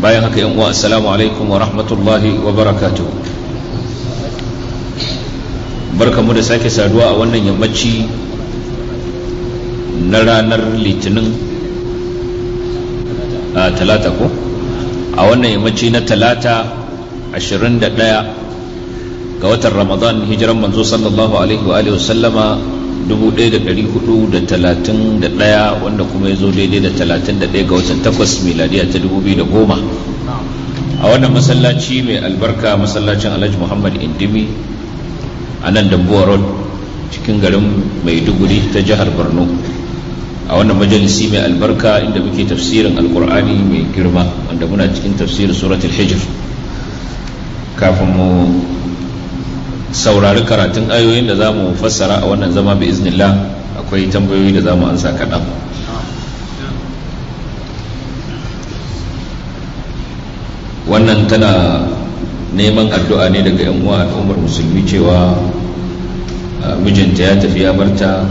bayan haka yan uwa assalamu alaikum wa rahmatullahi wa barakatuh barkamu da sake saduwa a wannan yammaci na ranar litinin a talata ko a wannan yammaci na talata 21 ga watan ramadan hijiran manzo sallallahu alaihi wa alihi wasallama 1431 wanda kuma ya zo daidai da 31 ga watan 8 miladiya ta 2010 a wannan masallaci mai albarka masallacin alhaji muhammad indimi a nan da road cikin garin maiduguri ta jihar borno a wannan majalisi mai albarka inda muke tafsirin alkur'ani mai girma wanda muna cikin tafsirin suratul hijr kafin mu saurari karatun ayoyin da za mu fassara a wannan zama bi iznillah akwai tambayoyi da za mu ansa kaɗan wannan tana neman addu'a ne daga 'yan uwa al'ummar musulmi cewa mijinta ya tafi ya barta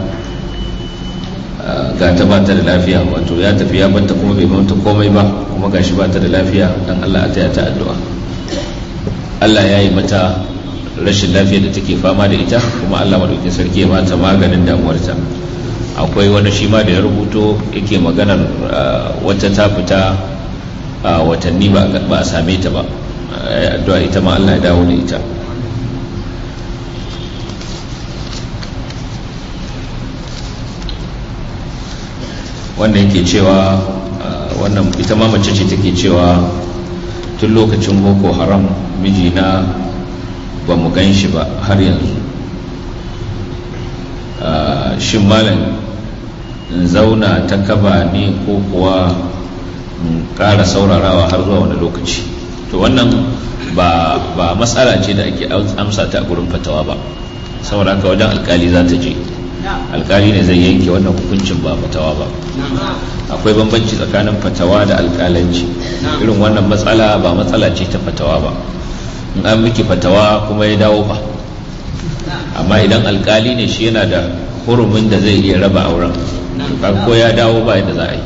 ga ta ba ta da lafiya wato ya tafi ya barta kuma bai mamta komai ba kuma gashi ba ta da lafiya dan Allah a ta addu'a Allah ya yi mata rashin lafiyar da take fama da ita kuma Allah madaukakin sarki ya mata maganin damuwarta akwai wani shi ma da ya rubuto yake maganar uh, wata ta fita uh, watanni ba a same ta ba uh, addu'a ita ma Allah ya dawo da ita wanda yake cewa wannan ita ma mace ce take cewa tun lokacin boko haram mijina ba mu gan shi ba har yanzu ah, shin malam in zauna ta kaba ne ko kuwa in ƙara saurarawa har zuwa wani lokaci to wannan ba matsala ce da ake amsa ta gurin fatawa ba saboda haka wajen alkali za ta je alkali ne zai yanke wannan hukuncin ba fatawa ba akwai bambanci tsakanin fatawa da alkalanci irin wannan matsala ba matsala ce ta fatawa ba in an miki fatawa kuma ya dawo ba amma idan alkali ne shi yana da hurumin da zai iya raba auren ko ya dawo ba yadda za a yi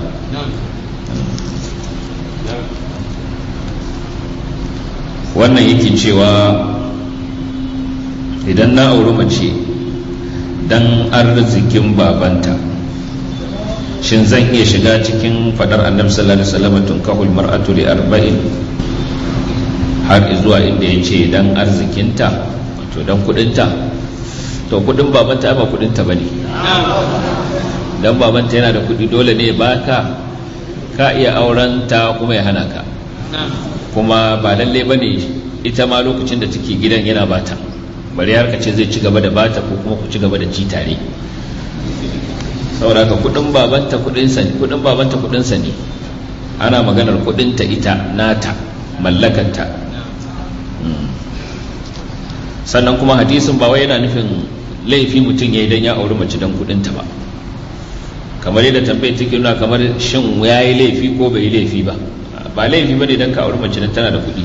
wannan yake cewa idan na auri mace dan arzikin babanta shin zan iya shiga cikin fadar annabi sallallahu alaihi wasallam tun kahul mar'atu li arba'in har zuwa inda ya ce dan arzikinta wato dan kudinta to kudin babanta ba kudinta ba ne dan babanta yana da kudi dole ne ba ka ka iya aurenta kuma ya hana ka kuma ba lalle ba ne ita ma lokacin da take gidan yana bata bari har ka ce zai ci gaba da bata ko kuma ku ci gaba da ci tare saboda kudin babanta kudin kudin babanta kudin ne ana maganar kudinta ita nata mallakanta sannan kuma hadisin ba wai yana nufin laifi mutum ya yi don ya auri mace don kudinta ba kamar yadda ta take nuna kamar shin ya yi laifi ko bai yi laifi ba ba laifi ba ne don ka auri mace don tana da kuɗi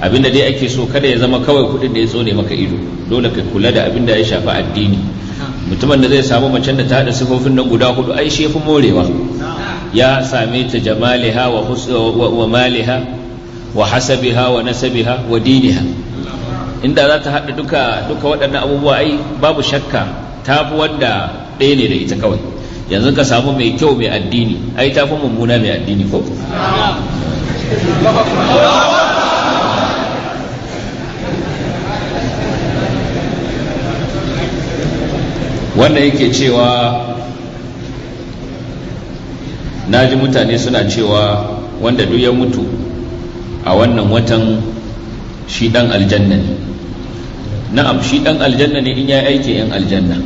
abinda dai ake so kada ya zama kawai kuɗin da ya tsone maka ido dole ka kula da abinda ya shafi addini mutumin da zai samu macen da ta haɗa sifofin na guda hudu ai shi fi morewa ya same ta jamaliha wa maliha wa hasabiha wa nasabiha wa diniha inda za ta haɗa duka duka waɗannan abubuwa ai babu shakka ta fi wanda ɗaya ne da ita kawai yanzu ka samu mai kyau mai addini ai ta fi mummuna mai addini ko wanda yake cewa na ji mutane suna cewa wanda duk ya mutu a wannan watan shi dan aljanna ne na'am shi dan aljanna ne in ya aiki yan aljanna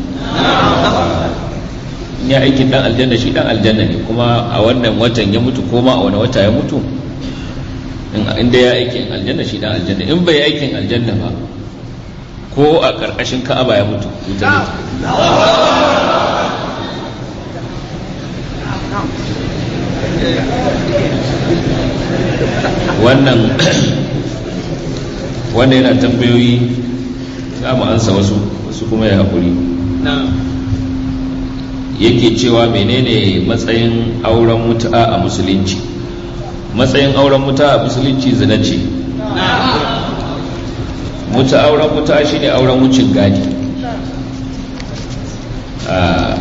in ya aiki dan aljanna shi dan aljanna ne kuma a wannan watan ya mutu ko ma a wani wata ya mutu in da ya aiki yan aljanna shi dan aljanna in bai aikin aljanna ba ko a ƙarƙashin ka'aba ya mutu wuta wannan wannan yana tambayoyi za mu ansa wasu wasu kuma ya haƙuri yake cewa menene matsayin auren mutu'a a musulunci matsayin auren mutu'a a musulunci zina ce mutu auren mutu'a ne auren wucin gadi ah,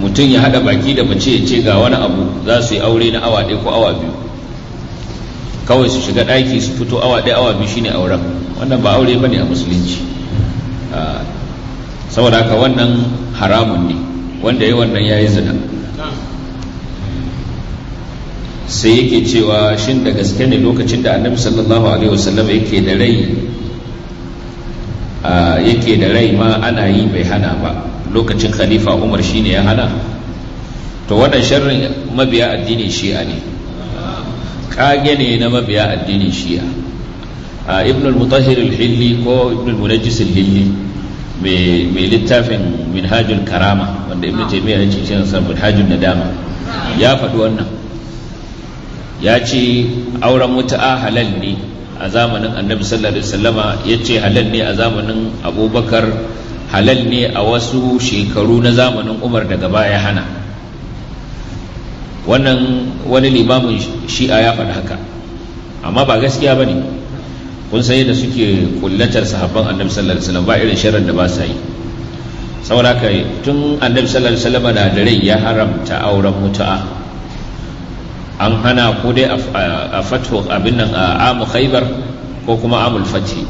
mutum ya haɗa baki da mace ya ce ga wani abu za su yi aure na awa ɗaya ko awa biyu kawai su shiga ɗaki su fito awa ɗaya awa biyu shine auren wannan ba aure bane a musulunci ah, saboda haka wannan haramun ne wanda ya wannan ya yi zina sai yake cewa shin da gaske ne lokacin da annabi sallallahu alaihi wasallam yake da rai yake da rai ma ana yi bai hana ba lokacin khalifa umar shine ya hana to wannan sharrin mabiya addinin shi'a ne kage ne na mabiya addinin shi'a a ibn al-mutahhir al-hilli ko ibn al-munajjis al-hilli mai littafin minhajul karama wanda ibn taymiyyah ya ce shi sa minhajul nadama ya faɗi wannan ya ce auren mutu'a halal ne a zamanin annabi sallallahu alaihi wasallama ya ce halal ne a zamanin abubakar halal ne a wasu shekaru na zamanin umar daga baya hana wannan wani limamin shi'a ya faɗi haka amma ba gaskiya ba ne kun san yadda suke kullatar sahabban annabi sallallahu alaihi wasallam ba irin sharar da ba sa yi saboda tun annabi sallallahu alaihi wasallama na da rai ya haramta auren mutu'a an hana ko dai a fatwa abin nan a amu khaibar ko kuma amul fati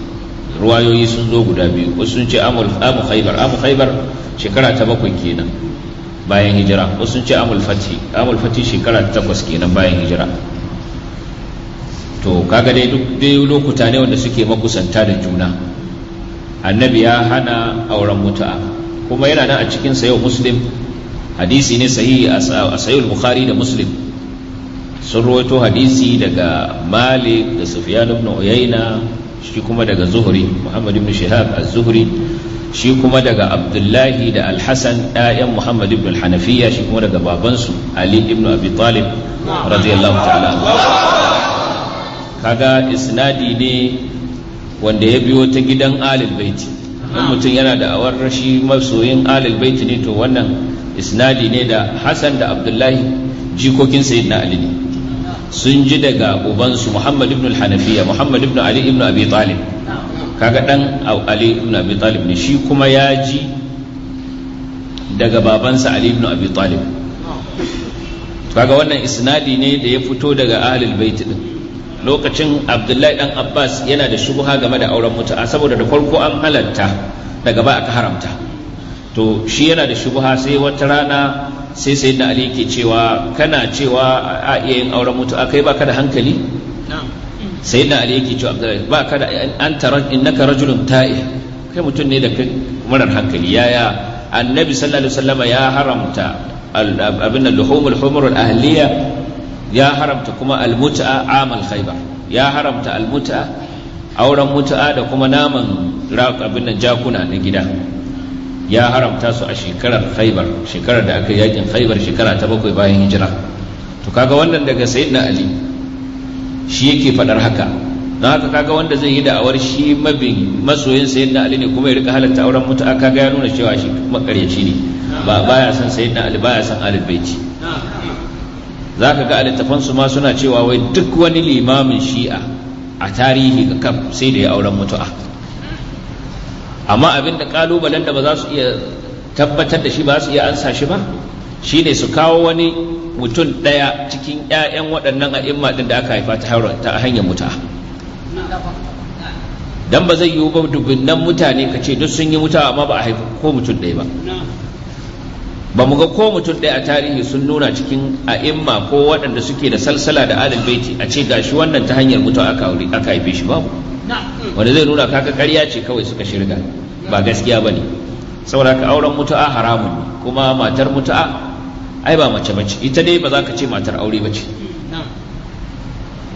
ruwayoyi sun zo guda biyu wasu sun ce amu khaibar amu khaibar shekara ta bakwai kenan bayan hijira wasu sun ce amul fati amul fati shekara ta takwas kenan bayan hijira to kaga dai duk dai lokuta ne wanda suke makusanta da juna annabi ya hana auren mutu'a kuma yana nan a cikin sayo muslim hadisi ne sahihi a sahih bukhari da muslim sun ruwaito hadisi daga malik da sufyan ibn uyayna shi kuma daga zuhri muhammad ibn shihab az-zuhri shi kuma daga abdullahi da alhassan ɗayan muhammad ibn hanafiya shi kuma daga babansu ali ibn abi talib radiyallahu ta'ala kaga isnadi ne wanda ya biyo ta gidan alil baiti in mutum yana da awar rashi masoyin alil baiti ne to wannan isnadi ne da hassan da abdullahi jikokin sayyidina ali ne sun ji daga ubansu muhammad ibn al-hanafiya muhammad ibn ali ibn abi talib kaga dan ali ibn abi talib ne shi kuma ya ji daga babansa ali ibn abi talib kaga wannan isnadi ne da ya fito daga ahlul bait din lokacin abdullahi dan abbas yana da shubha game da auren mutu'a saboda da farko an halatta daga ba aka haramta to shi yana da shubha sai wata rana sai sai da ali ke cewa kana cewa a iya yin auren mutu akai ba ka da hankali sai da ali yake cewa abdullahi ba ka da an tara innaka rajulun ta'i kai mutum ne da marar hankali yaya annabi sallallahu alaihi wasallam ya haramta abin al-luhumul humur al-ahliya ya haramta kuma al-mut'a amal khaybar ya haramta al-mut'a auren mut'a da kuma naman abin jakuna na gida ya haramta su a shekarar khaibar shekarar da aka yi yakin khaibar shekara ta bakwai bayan hijira to kaga wannan daga sayyidina ali shi yake fadar haka don haka kaga wanda zai yi da'awar shi mabin masoyin sayyidina ali ne kuma ya rika halatta auren mutu aka ga ya nuna cewa shi makaryaci ne ba baya san sayyidina ali baya san alil baiti zaka ga alittafan su ma suna cewa wai duk wani limamin shi'a a tarihi ga kaf sai da ya auren mutu'a amma abin da kalubalen da ba za su iya tabbatar da shi ba su iya ansa shi ba shi ne su kawo wani mutum ɗaya cikin 'ya'yan waɗannan a'imma ɗin da aka haifa ta hanyar muta dan ba zai yiwu ba dubinnan mutane ka ce duk sun yi muta amma ba a haifa ko mutum ɗaya ba ba mu ga ko mutum ɗaya a tarihi sun nuna cikin a'imma ko waɗanda suke da salsala da alal a ce gashi wannan ta hanyar mutu aka haife shi babu wanda zai nuna kaka ƙarya ce kawai suka shirga ba gaskiya ba ne saboda ka auren mutu'a haramun ne kuma matar mutu'a ai ba mace bace ita dai ba za ka ce matar aure bace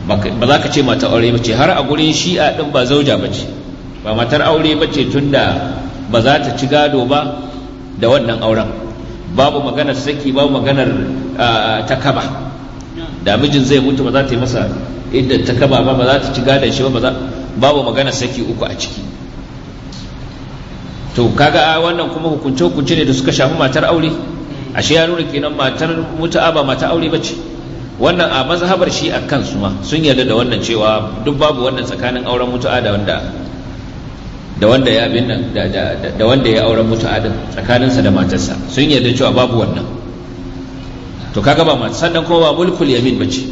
ba za ka ce matar aure bace har a gurin shi'a din ba zauja bace ba matar aure bace tunda ba za ta ci gado ba da wannan auren babu maganar saki babu maganar takaba da mijin zai mutu ba za ta yi masa idan takaba ba ba za ta ci gadon shi ba ba za babu magana saki uku a ciki to kaga wannan kuma hukunce hukunce ne da suka shafi matar aure ashe ya nuna kenan matar mutu'a ba mata aure bace wannan a mazhabar shi a kansu ma sun yarda da wannan cewa duk babu wannan tsakanin auren mutu'a da wanda da wanda ya abin nan da wanda ya auren mutu'a din tsakaninsa da matarsa sun yarda cewa babu wannan to kaga ba mata sannan kuma ba mulkul yamin bace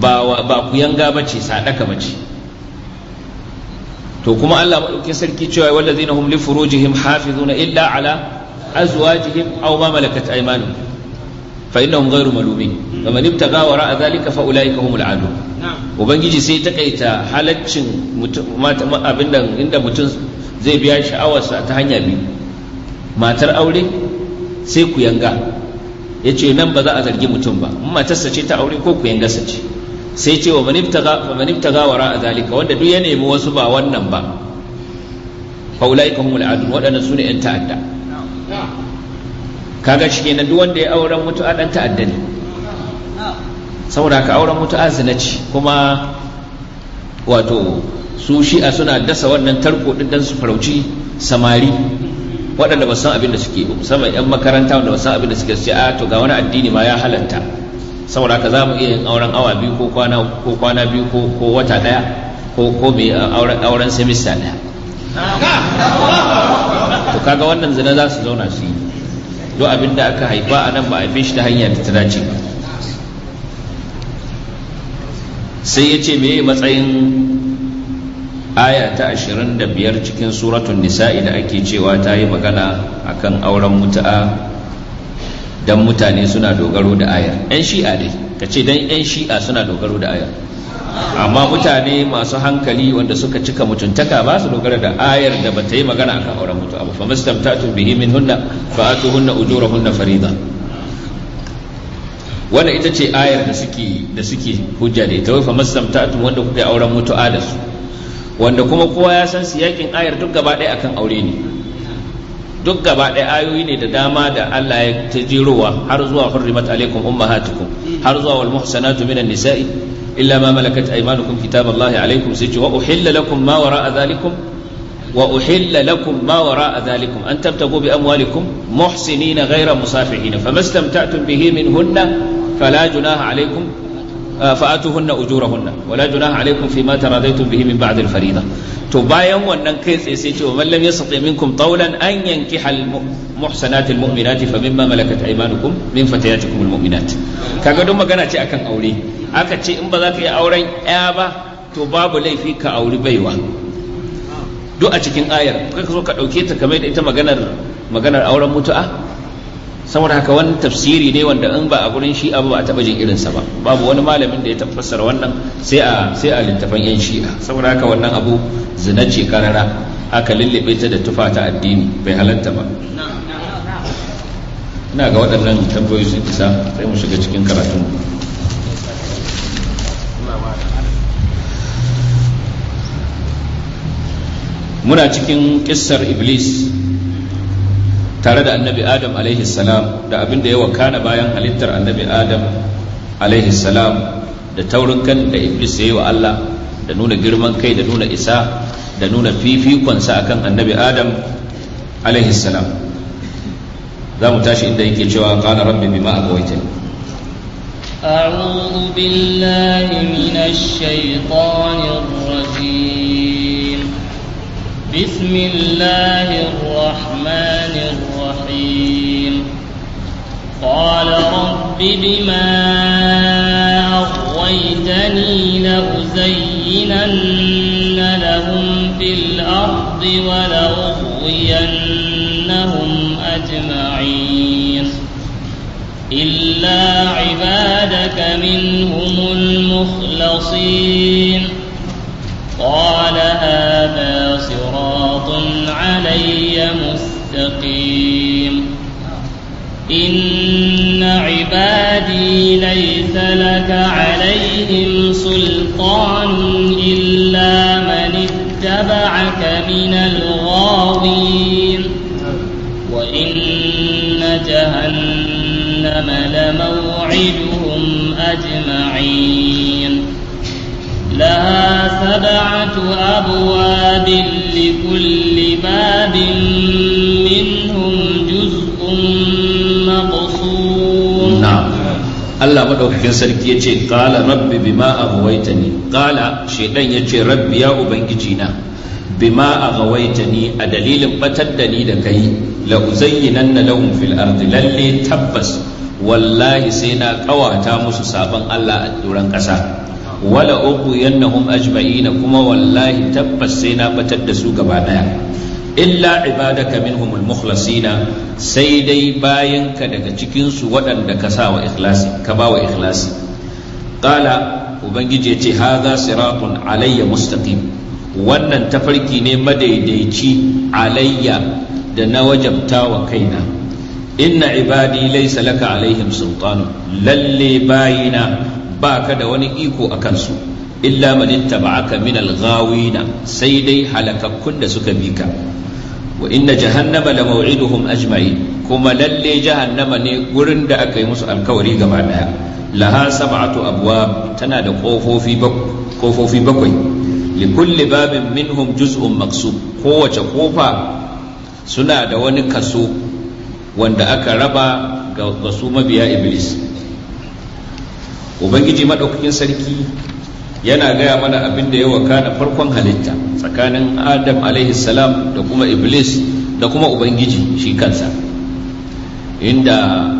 ba ba kuyanga bace sadaka bace to kuma Allah madaukin sarki cewa wallazina hum li hafi na illa ala azwajihim aw ma malakat aymanuhum fa innahum ghayru malumin faman ibtaga wara zalika fa ka humul adu ubangiji sai kaita halaccin abin da inda mutum zai biya sha'awarsa ta hanya biyu matar aure sai ku yanga yace nan ba za a zargi mutum ba matarsa ce ta aure ko ku yanga ce. sai ce wa manifta gawara a zalika wanda duk ya nemi wasu ba wannan ba faulai kan mul'adun waɗannan su ne 'yan ta'adda kaga shi kenan duk wanda ya auren mutu'a ɗan ta'adda ne saboda ka auren mutu'a zina ce kuma wato su shi'a suna dasa wannan tarko ɗin dan su farauci samari waɗanda ba san abin da suke ba musamman 'yan makaranta wanda ba san abin da suke ce a ah, to ga wani addini ma ya halatta saboda haka za mu iya yin auren awa biyu ko kwana ko kwana biyu ko ko wata daya ko ko mai auren auren semester daya to kaga wannan zina za su zauna su yi duk abin da aka haifa a nan ba a shi ta hanya da ta dace ba sai ya ce meye matsayin aya ta biyar cikin suratun nisa'i da ake cewa ta yi magana akan auren mutu'a dan mutane suna dogaro da ayar yan shi'a dai ka ce dan yan shi'a suna dogaro da ayar amma mutane masu hankali wanda suka cika mutuntaka ba su dogara da ayar da ba ta yi magana akan auren mutu abu fa mastamtatu bihi min hunna fa atuhunna ujurahunna farida wanda ita ce ayar da suke da suke hujja da ita fa mastamtatu wanda kuka yi auren mutu'a da su wanda kuma kowa ya san siyakin ayar duk gaba ɗaya akan aure ne duk gaba ɗaya ayoyi ne da dama da Allah ya ta jirowa har zuwa hurrimat alaikum ummahatukum har zuwa wal muhsanatu minan nisa'i illa ma malakat aymanukum kitaballahi alaikum sai ce wa uhilla lakum ma wara'a zalikum wa uhilla lakum ma wara'a zalikum an tabtagu bi amwalikum muhsinina ghayra musafihin famastamta'tum bihi minhunna fala junaha alaikum fa'atuhunna ujurahunna wala junaha fi fima taradaitum bihi min ba'd al-fariida to bayan wannan kai tsaye sai ce wa man lam yastati minkum tawlan an yankiha al-muhsanat al-mu'minat fa mimma malakat aymanukum min fatayatikum al-mu'minat kaga duk magana ce akan aure aka ce in ba za ka yi auren ya ba to babu laifi ka auri baiwa duk a cikin ayar kai ka zo ka dauke ta kamar da ita maganar maganar auren mutu'a saboda haka wani tafsiri ne wanda in ba a gurin shi'a ba a taɓa jin irinsa ba babu wani malamin da ya tafasar wannan sai a sai a littafan yan shi'a saboda haka wannan abu zina ce karara aka lullube ta da tufa ta addini bai halatta ba ina ga waɗannan tambayoyi sun isa sai mu shiga cikin karatun muna cikin kissar iblis tare da annabi adam alaihi salam da abin da ya wakana bayan halittar annabi adam alaihi salam da taurin kan da iblis ya yi wa allah da nuna girman kai da nuna isa da nuna fifikonsa akan annabi adam alaihi salam za mu tashi inda yake cewa kana rabbi bima agawaitani أعوذ بالله من الشيطان الرجيم بسم الله الرحمن الرحيم قال رب بما أغويتني لأزينن لهم في الأرض ولأغوينهم أجمعين إلا عبادك منهم المخلصين قال هذا صراط علي مستقيم إن عبادي ليس لك عليهم سلطان إلا من اتبعك من الغاوين وإن جهنم لموت سبعة أبواب لكل باب منهم جزء مقصود نعم Allah maɗaukakin sarki ya ce ƙala rabbi bima a gawaitani ƙala shaidan ya ce rabbi ya ubangiji na bima a gawaitani a dalilin batar da ni da kai la uzayyinan na lahum fil ardi lalle tabbas wallahi sai na ƙawata musu sabon Allah a duran ƙasa wala uku yannahum ajma'ina kuma wallahi tabbas sai na batar da su gaba daya illa ibadaka minhumul mukhlasina sai dai bayanka daga cikin su waɗanda ka sa wa ikhlasi ka ba wa ikhlasi qala ubangiji yace hadha siratun alayya mustaqim wannan tafarki ne madaidaici alayya da na wajabta wa kaina inna ibadi laysa laka alaihim sultanu lalle bayina ba ka da wani iko a kansu illa ba ittaba'aka min al sai dai halakakkun da suka bi ka wa inna jahannama da maw'iduhum ajma'i kuma lalle jahannama ne gurin da aka yi musu alkawari gaba daya laha sab'atu abwab tana da kofofi kofofi bakwai li kulli babin minhum juz'un maqsub kowace kofa suna da wani kaso wanda aka raba ga su mabiya iblis ubangiji maɗaukakin sarki yana gaya mana abin da ya wakana farkon halitta tsakanin adam salam da kuma iblis da kuma ubangiji shi kansa inda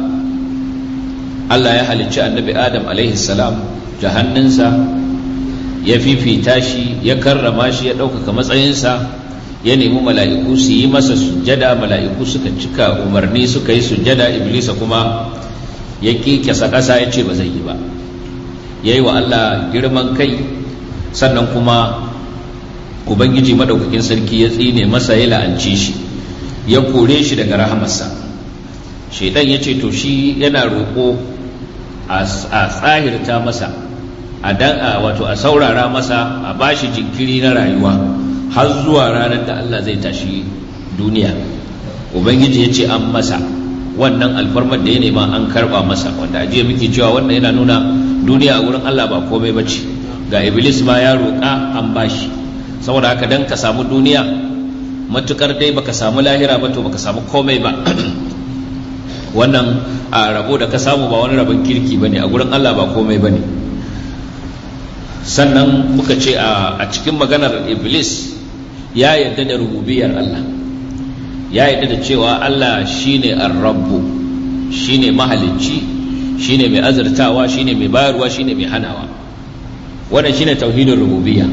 allah ya halicci annabi adam salam da hannunsa ya fifita shi ya karrama shi ya ɗaukaka matsayinsa ya nemi mala'iku su yi masa sujada mala'iku suka cika umarni suka yi sujada iblisa kuma ya kekesa ƙasa ya ce ba zai yi ba ya yi wa Allah girman kai sannan kuma ubangiji madaukakin sarki ya tsine masa ya la'ance shi ya kore shi daga rahamarsa shaidan ya ce to shi yana roƙo a tsahirta masa a dan a wato a saurara masa a bashi jinkiri na rayuwa har zuwa ranar da Allah zai tashi duniya ubangiji ya ce an masa wannan alfarmar da ya nema an karba masa wanda ajiye muke cewa wannan yana nuna duniya a wurin Allah ba komai ba ce, ga iblis ma ya roƙa an bashi saboda haka dan ka samu duniya matukar dai baka samu lahira ba to baka samu komai ba wannan a rabo da ka samu ba wani rabon kirki ba ne, a gurin Allah ba komai ba ne. sannan muka ce a cikin maganar iblis ya yarda da rububiyar Allah ya yarda da cewa Allah shine ne rabbu shine mahalicci shine mai azurtawa shine mai bayarwa shine mai hanawa wannan shine tauhidin rububiyya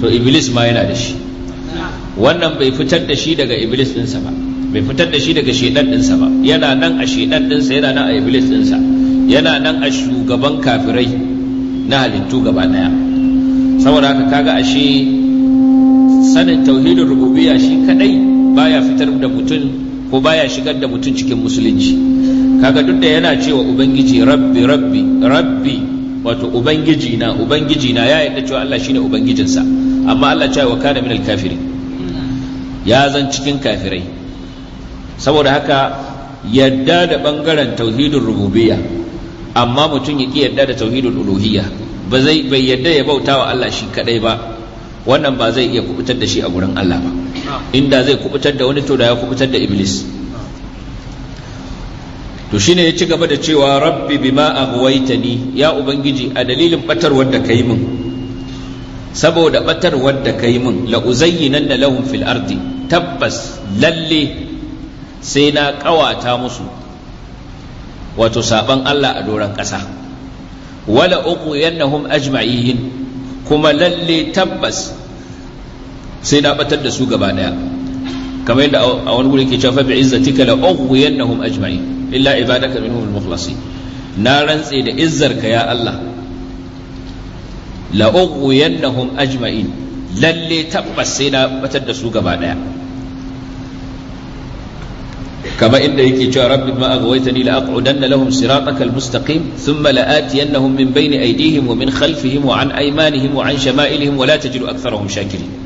to iblis ma yana da shi wannan bai fitar da shi daga iblis dinsa ba bai fitar da shi daga shedan dinsa ba yana nan a shedan dinsa yana nan a iblis dinsa yana nan a shugaban kafirai na halittu gaba daya saboda haka kaga ashe sanin tauhidin rububiyya shi kadai baya fitar da mutum ko baya shigar da mutum cikin musulunci kaga duk da yana cewa ubangiji rabbi rabbi rabbi wato ubangiji na ubangiji na ya yadda cewa Allah shine ubangijinsa amma Allah cewa kana minal kafiri ya zan cikin kafirai saboda haka yadda da bangaren tauhidin rububiyya amma mutum ya ki yadda da tauhidin uluhiyya ba zai bai yadda ya bauta wa Allah shi kadai ba wannan ba zai iya kubutar da shi a gurin Allah ba inda zai kubutar da wani to da ya kubutar da iblis to shine ya ci gaba da cewa rabbi bima aghwaytani ya ubangiji a dalilin batar wanda yi min saboda batar wanda yi min la uzayyinanna lahum fil ardi tabbas lalle sai na kawata musu wato saban Allah a doron ƙasa wala uqiyannahum ajma'ihin kuma lalle tabbas sai na batar da su gaba daya kamar yadda a wani guri ke cewa fa bi'izzatika la ughwiyannahum ajma'in illa ibadaka minhum al-mukhlasin na rantse da izzarka ya Allah la ughwiyannahum ajma'in lalle tabbas sai na batar da su gaba daya inda كما إن يكي رب ما أغويتني la لهم صراطك المستقيم ثم لآتينهم من بين أيديهم ومن خلفهم وعن an وعن شمائلهم ولا تجد أكثرهم شاكرين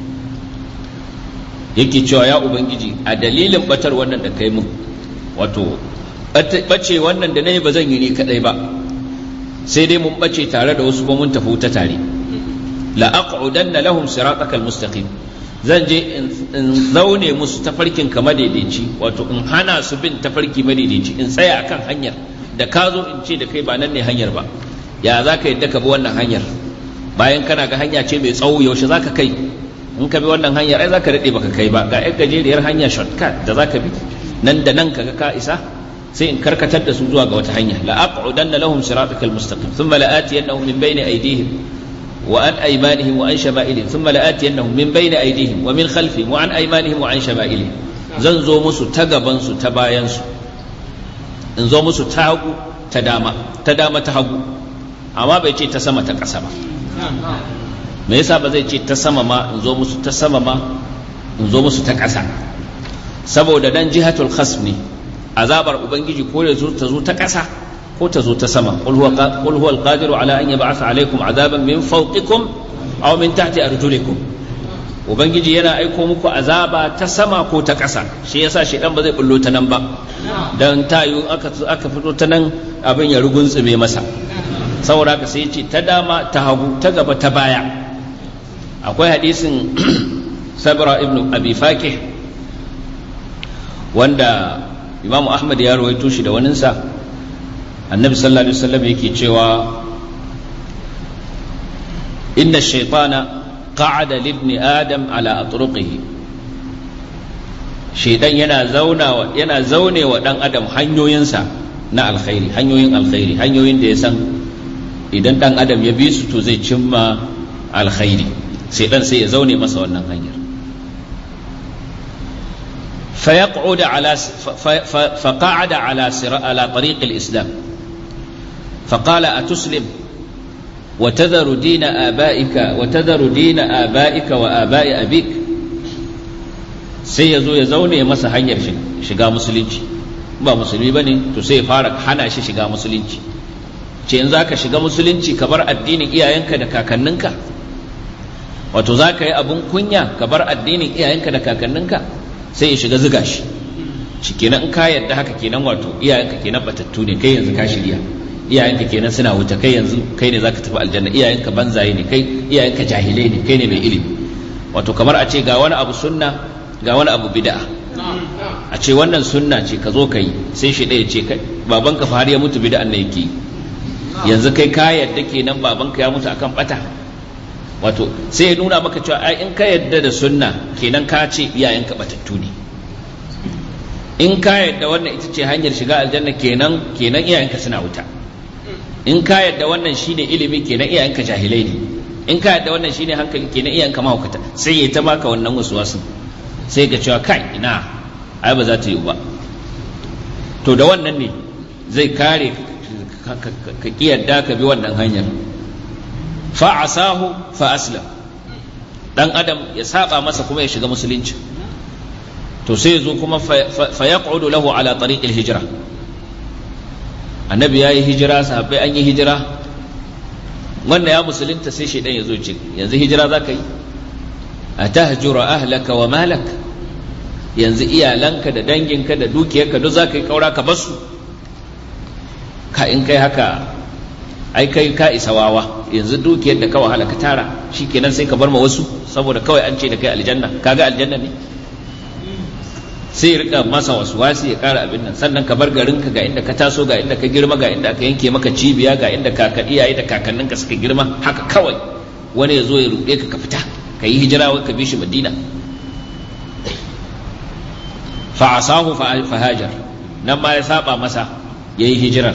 yake cewa ya ubangiji a dalilin batar wannan da kai mun wato bace wannan da nayi ba zan yi ni kadai ba sai dai mun bace tare da wasu ba mun tafi ta tare la aq'udanna lahum siratakal mustaqim zan je in zaune musu tafarkin ka madaidaici wato in hana su bin tafarki madaidaici in tsaya akan hanyar da ka zo in ce da kai ba nan ne hanyar ba ya zaka ka yadda ka bi wannan hanyar bayan kana ga hanya ce mai tsawo yaushe za ka kai in ka bi wannan hanyar ai zaka daɗe baka kai ba ga yan gajeriyar hanya shortcut da zaka bi nan da nan kaga ka isa sai in karkatar da su zuwa ga wata hanya la aqudanna lahum siratakal mustaqim thumma la atiyannahum min bayni aydihim wa an aymanihim wa an shama'ilihim thumma la atiyannahum min bayni aydihim wa min khalfihim wa an aymanihim wa an shama'ilihim zan zo musu ta gaban su ta bayan su in zo musu ta hagu ta dama ta dama ta hagu amma bai ce ta sama ta ƙasa ba me yasa ba zai ce ta sama ma in zo musu ta sama ma in zo musu ta ƙasa saboda dan jihatul khasm ne azabar ubangiji ko da ta zo ta ƙasa ko ta zo ta sama qul huwa qul huwa ala an yab'atha alaykum azaban min fawqikum aw min tahti arjulikum ubangiji yana aiko muku azaba ta sama ko ta ƙasa shi yasa dan ba zai bullo ta nan ba dan tayu aka aka fito ta nan abin ya rugunsume masa saboda ka sai ce ta dama ta hagu ta gaba ta baya akwai hadisin sabra ibn abi fakih wanda imamu ahmad ya rawaito shi da waninsa annabi sallallahu alaihi wasallam yake cewa inna shaitana qa'ada libni adam ala atruqihi shaytan yana zauna yana zaune wa dan adam hanyoyinsa na alkhairi hanyoyin alkhairi hanyoyin da ya san idan dan adam ya bi su to zai cimma alkhairi shaidan sai ya zaune masa wannan hanyar فيقعد على فقعد على على طريق الإسلام فقال أتسلم وتذر دين آبائك وتذر دين sai ya ya zaune masa hanyar shiga musulunci ba musulmi ba ne to ya fara hana shi shiga musulunci ce in za ka shiga musulunci ka bar addinin iyayenka da kakanninka wato za ka yi abin kunya ka bar addinin iyayenka da kakanninka sai ya shiga ziga shi shi kenan in ka yadda haka kenan wato iyayenka kenan batattu ne kai yanzu ka shirya iyayenka kenan suna wuta kai yanzu kai ne zaka tafi aljanna iyayenka banzaye ne kai iyayenka jahilai ne kai ne mai ilimi wato kamar a ce ga wani abu sunna ga wani abu bid'a a ce wannan sunna ce ka zo ka yi sai shi ɗaya ce kai babanka fa har ya mutu bid'an ne yake yanzu kai ka yadda kenan babanka ya mutu akan bata wato sai ya nuna maka cewa ai in ka yadda da sunna kenan ka ce iyayen ka batattu ne in ka yadda wannan ita ce hanyar shiga aljanna kenan kenan iyayen ka suna wuta in ka yadda wannan shine ilimi kenan iyayen ka jahilai ne in ka yadda wannan shine hankali kenan iyayen ka mahaukata sai ya ta maka wannan wasu wasu sai ka cewa kai ina ai ba za ta yi ba to da wannan ne zai kare ka kiyarda ka bi wannan hanyar fa asahu fa aslam dan adam ya saba masa kuma ya shiga musulunci to sai zo kuma fa yaq'udu lahu ala tariqil hijra annabi yayi hijira sahabbai an yi hijira wanda ya musulunta sai shaidan ya zo ce yanzu hijira za ka yi a tahjura ahlaka wa malak yanzu iyalanka da danginka da dukiyarka duk zakayi yi kaura ka basu ka in kai haka ai kai ka isa wawa yanzu dukiyar da kawai wahala ka tara kenan sai ka bar ma wasu saboda kawai an ce da kai aljanna kaga aljanna ne sai rika masa wasu wasu ya kara abin nan sannan ka bar garinka ka ga inda ka taso ga inda ka girma ga inda aka yanke maka cibiya ga inda kaka iyaye da kakannin ka suka girma haka kawai wani ya zo ya ruɗe ka ka fita ka yi hijira ka bi shi madina fa asahu fa hajar nan ma ya saba masa yayi hijirar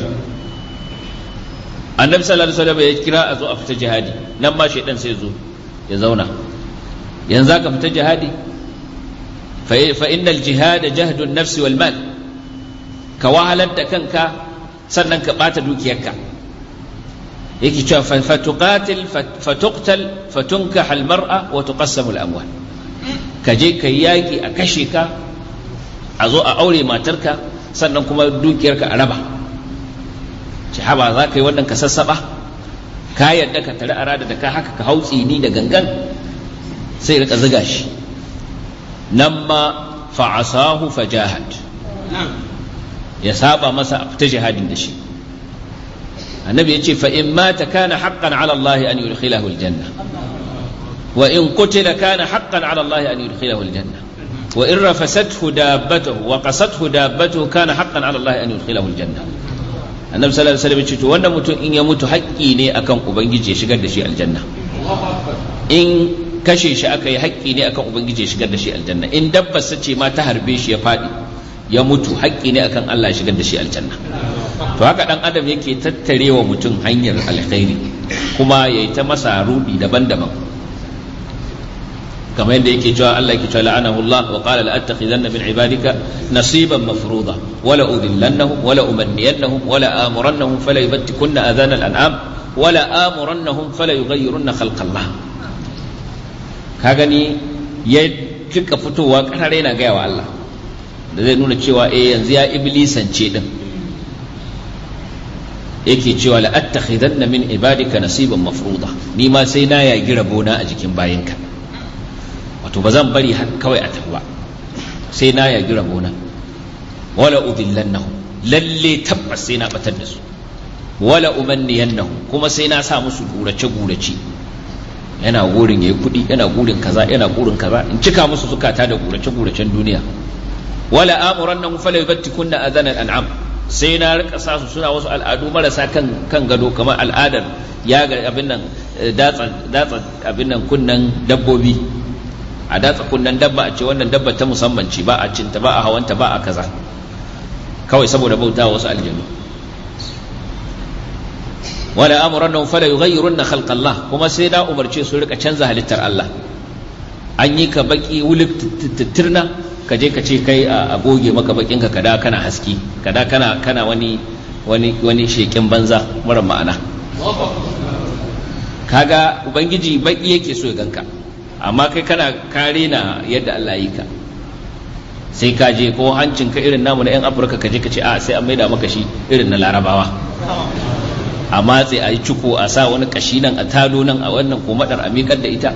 annabi sallallahu alaihi wasallam ya kira a zo a fita jihadi nan ma shaidan sai zo ya zauna yanzu ka fita jihadi fa innal jihada jahdun nafsi wal mal ka wahalar da kanka sannan ka bata dukiyarka yake cewa fatuqatil fa fatunkah al mar'a wa tuqassamu al amwal ka je ka yaki a kashe ka a zo a aure matarka sannan kuma dukiyarka a raba ci haba za ka yi wannan ka sassaɓa ka yadda ka tare arada da ka haka ka hau tsini da gangan sai rika ziga shi nan ma fa'asahu fa jahad ya saba masa a fita jihadin da shi annabi ya ce fa in mata kana haqqan ala Allah an yudkhilahu aljanna wa in qutila kana haqqan ala Allah an yudkhilahu aljanna wa in rafasathu dabbatuhu wa qasathu dabbatuhu kana haqqan ala Allah an yudkhilahu aljanna annabi sallallahu alaihi wasallam ce to wanda mutum in ya mutu haƙƙi ne akan ubangiji ya shigar da shi aljanna in kashe shi aka yi haƙƙi ne akan ubangiji ya shigar da shi aljanna in dabbar ce ma ta harbe shi ya faɗi ya mutu haƙƙi ne akan Allah ya shigar da shi aljanna to haka dan adam yake tattarewa mutum hanyar alkhairi kuma ya yi ta masa rudi daban-daban kamar yadda yake cewa Allah yake cewa la'anahu Allah wa qala la attakhidanna min ibadika nasiban mafruḍa wala udillannahum wala umanniyannahum wala amurannahum fala yubtikunna adhana al-an'am wala amurannahum fala yughayyirunna khalqa Allah ka gani ya cika fitowa karar yana gaya wa Allah da zai nuna cewa eh yanzu ya iblisance din yake cewa la attakhidanna min ibadika nasiban mafruḍa ni ma sai na ya gira bona a jikin bayinka wato ba zan bari kawai a tafi ba sai na yagi rabona wala udillannahum lalle tabbas sai na batar da su wala umanniyannahum kuma sai na sa musu gurace gurace yana gurin yi kuɗi yana gurin kaza yana gurin kaza in cika musu zukata da gurace guracen duniya wala amurannahum fala yubtikunna adhana al'am sai na rika sa su suna wasu al'adu marasa kan kan gado kamar al'adar ya ga abin nan datsa eh, datsa abin nan kunnan dabbobi a datsa kunnen dabba a ce wannan dabba ta musamman ce ba a cinta ba a hawanta ba a kaza kawai saboda bauta wasu aljanu wala amuran fala yughayyirunna khalqallah kuma sai da umarce su rika canza halittar Allah an yi ka baki wulif titirna ka je ka ce kai a goge maka bakin ka kada kana haski kada kana kana wani wani wani shekin banza mara ma'ana kaga ubangiji baki yake so ya ganka amma kai kana kare na yadda Allah yi ka sai ka je ko hancin ka irin namu na yan afirka ka je ka ce a sai an maida maka shi irin na larabawa a matse a yi ciko a sa wani kashi nan a tado nan a wannan ko madar a miƙar da ita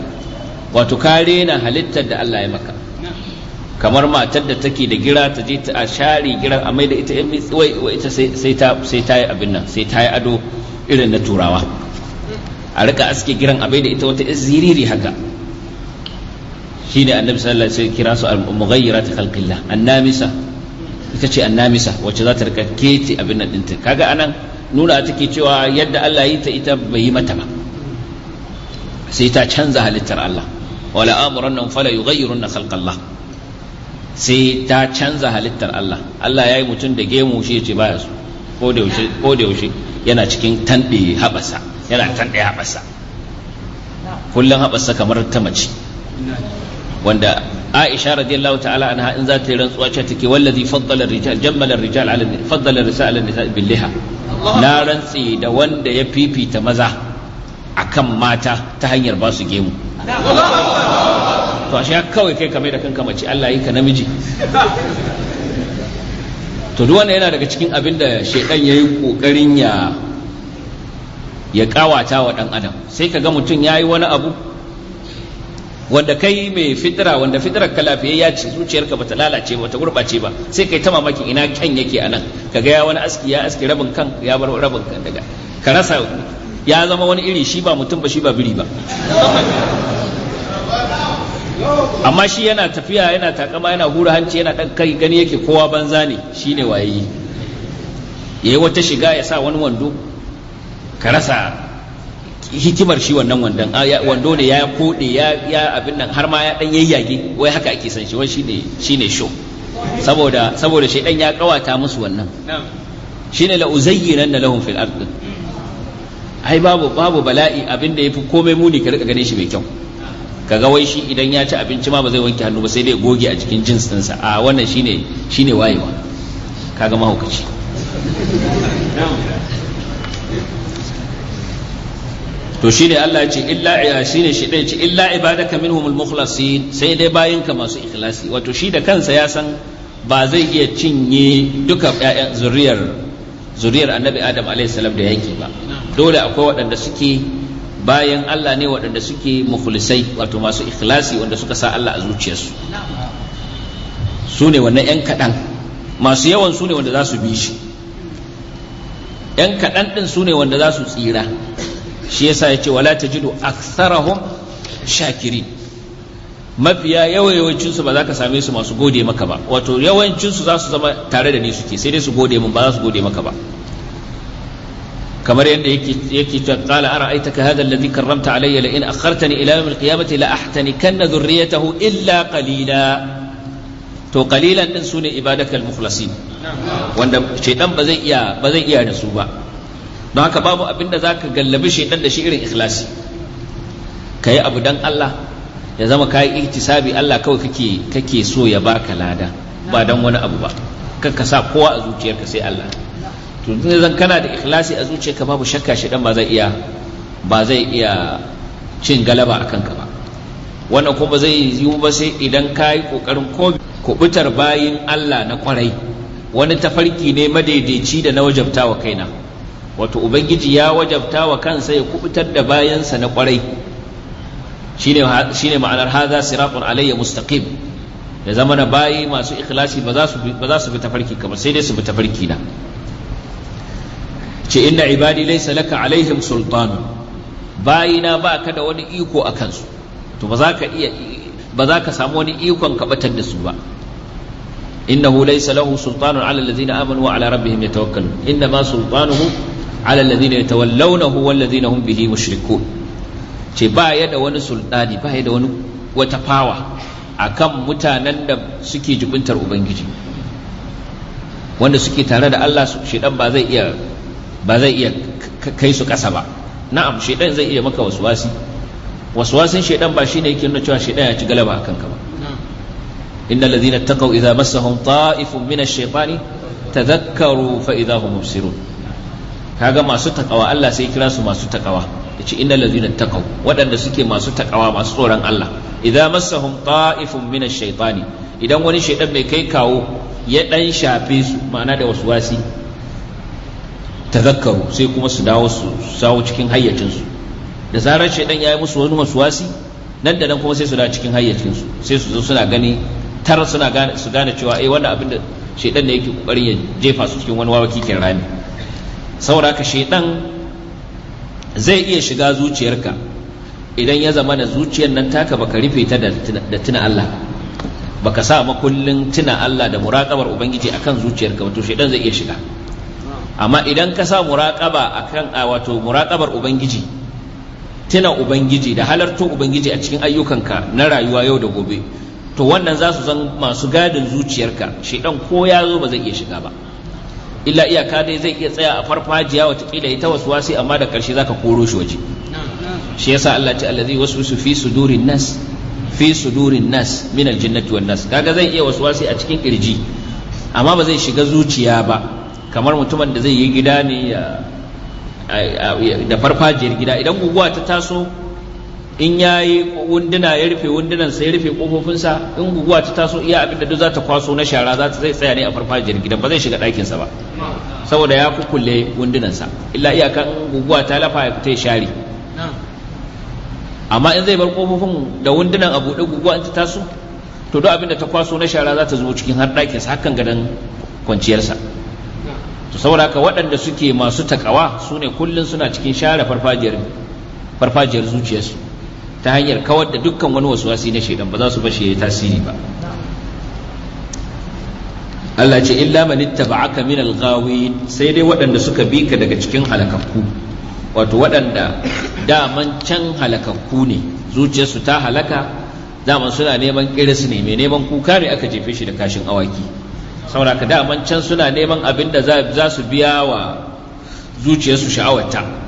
wato kare na halittar da Allah ya maka kamar matar da take da gira ta je ta share giran a maida da ita wai ita sai ta sai ta yi abin nan sai ta yi ado irin na turawa a rika aske giran a da ita wata ziriri haka shine annabi sallallahu alaihi wasallam kira su al-mughayyirat khalqillah annamisa ita ce annamisa wacce za ta rika keti abin nan dinta kaga anan nuna take cewa yadda Allah yi ta ita bai yi mata ba sai ta canza halittar Allah wala amuran nan fala na khalqallah sai ta canza halittar Allah Allah ya yi mutum da gemu shi ya ce baya su ko da yaushe yana cikin tanɗe haɓasa yana tanɗe haɓasa kullum haɓasa kamar ta mace wanda Aisha radiyallahu ta'ala anha in za ta yi rantsuwa ce take wallazi faddala rijal jammala rijal ala faddala risal ala nisa na rantsi da wanda ya fifita maza akan mata ta hanyar ba su gemu to ashe kawai kai kamar da kanka mace Allah yi ka namiji to duk wanda yana daga cikin abin da shedan yayi kokarin ya ya kawata wa dan adam sai ka ga mutum yayi wani abu wanda kai mai fitira wanda fitirar ka ya ce zuciyarka bata lalace ba ta gurbace ba sai kai ta mamakin ina kyan yake anan kaga ya wani aski ya aski rabin kan ya bar rabin kan daga ka rasa ya zama wani iri shi ba mutum ba shi ba biri ba amma shi yana tafiya yana takama yana hura hanci yana dan kai gani yake kowa banza ne shine wayayi yayi wata shiga ya sa wani wando ka rasa hikimar shi wannan wandon wando ne ya kode ya abin nan har ma ya dan yayyage wai haka ake san shi wai shine shine sho saboda saboda dan ya kawata musu wannan shine la da lahum fil ard ai babu babu bala'i abin da fi komai muni ka rika ganin shi mai kyau kaga wai shi idan ya ci abinci ma ba zai wanke hannu ba sai dai goge a cikin jins ɗinsa a wannan shine shine wayewa kaga mahaukaci to shine Allah ya ce illa shine shi dai ce illa ibadaka minhumul mukhlasin sai dai bayinka masu ikhlasi wato shi da kansa ya san ba zai iya cinye duka zuriyar zuriyar annabi adam alaihi salam da yake ba dole akwai waɗanda suke bayan Allah ne waɗanda suke mukhlisai wato masu ikhlasi wanda suka sa Allah a zuciyarsu su ne wannan 'yan kaɗan masu yawan su ne wanda za su bi shi 'yan kaɗan ɗin su ne wanda za su tsira shi yasa yace wala tajidu aktsarahum shakirin mafiya yawancin su ba za ka same su masu gode maka ba wato yawancin su za su zama tare da ni suke sai dai su gode min ba za su gode maka ba kamar yadda yake ta yake ta qala ara'aytaka hadha alladhi karramta alayya la in akhartani ila yawm alqiyamati la ahtanikanna dhurriyyatahu illa qalila to qalilan din sune ibadakal mukhlasin wanda shedan ba zai iya ba zai iya da su ba don haka babu abin da za ka gallabi shaidan da shi irin ikhlasi yi abu dan Allah ya zama kayi ihtisabi Allah kawai kake so ya baka lada ba don wani abu ba kanka sa kowa a zuciyarka sai Allah to zan kana da ikhlasi a zuciyarka babu shakka shaidan ba zai iya ba cin galaba a kanka ba wannan kuma zai yiwu ba sai idan ka yi ƙoƙarin kubutar bayin Allah na kwarai wani tafarki ne madaidaici da na wajabta wa kaina wato ubangiji ya wajabta wa kansa ya kubutar da bayansa na kwarai shine ma'anar haza siratun alayya mustaqim da zama na bayi masu ikhlasi ba za su bi tafarki kamar sai dai su bi tafarki na ce inna ibadi laysa laka alaihim bayi na ba ka da wani iko a kansu to ba za ka iya ba za ka samu wani ikon kabatar da su ba innahu laysa lahu sultanun ala allazina amanu wa ala rabbihim yatawakkalun inna ma sultanuhu ala alladhina yatawallawnahu walladhina hum bihi mushrikun ce ba ya da wani sultani ba ya da wani wata fawa akan mutanen da suke jubuntar ubangiji wanda suke tare da Allah shedan ba zai iya ba zai iya kai su kasa ba na'am shedan zai iya maka waswasi waswasin shedan ba shine yake nuna cewa shedan ya ci galaba akan ka ba innal ladhina taqaw idza massahum ta'ifun min ash-shaytani tadhakkaru fa idza hum mubsirun kaga masu takawa Allah sai kira su masu takawa yace innal ladzina takaw waɗanda suke masu takawa masu tsoron Allah idza massahum ta'ifun min ash-shaytani idan wani shaytan mai kai kawo ya dan shafe su ma'ana da waswasi tazakkaru sai kuma su dawo su sawo cikin hayyacin su da zarar ya yayi musu wani waswasi nan da nan kuma sai su dawo cikin hayyacin su sai su zo suna gani tar suna gane su gane cewa eh wannan abin da shaytan ne yake kokarin ya jefa su cikin wani wawaki kin rami saboda ka shaidan zai iya shiga zuciyarka idan ya zama na zuciyar nan taka baka rufe ta da tuna Allah baka sa makullin tuna Allah da muraƙabar ubangiji akan zuciyarka wato shaidan zai iya shiga amma idan ka sa muraƙaba akan wato muraƙabar ubangiji tuna ubangiji da halarto ubangiji a cikin ayyukanka na rayuwa yau da gobe to wannan za su zan masu gadin zuciyarka shaidan ko ya zo ba zai iya shiga ba illa iyaka dai zai iya tsaya a farfajiya watakila ita wasu wasi amma da karshe zaka koro shi waje shi yasa Allah ce allazi wasu fi sudurin nas fi sudurin nas min aljannati wan nas kaga zai iya wasu wasi a cikin kirji amma ba zai shiga zuciya ba kamar mutumin da zai yi gida ne da farfajiyar gida idan guguwa ta taso in ya yi wunduna ya rufe sai ya rufe kofofinsa in guguwa ta taso iya abin da duk za ta kwaso na shara za ta zai tsaya ne a farfajiyar gidan ba zai shiga ɗakinsa ba saboda ya kukulle wundunansa illa kan guguwa ta lafa ya fita ya share amma in zai bar kofofin da wundunan a buɗe guguwa in ta taso to duk abin da ta kwaso na shara za ta zo cikin har ɗakinsa hakan gadon kwanciyarsa to saboda haka waɗanda suke masu takawa su ne kullum suna cikin share farfajiyar farfajiyar zuciyarsu ta hanyar kawar da dukkan wani wasi na shaidan ba za su bashi yayi tasiri ba Allah ce illa ba aka min al sai dai waɗanda suka bi ka daga cikin halakakku wato waɗanda daman can halakakku ne zuciyarsu ta halaka daman suna neman kiris ne mai neman kuka ne aka jefe shi da kashin awaki saboda ka daman can suna neman abin da za su biya wa zuciyarsu sha'awarta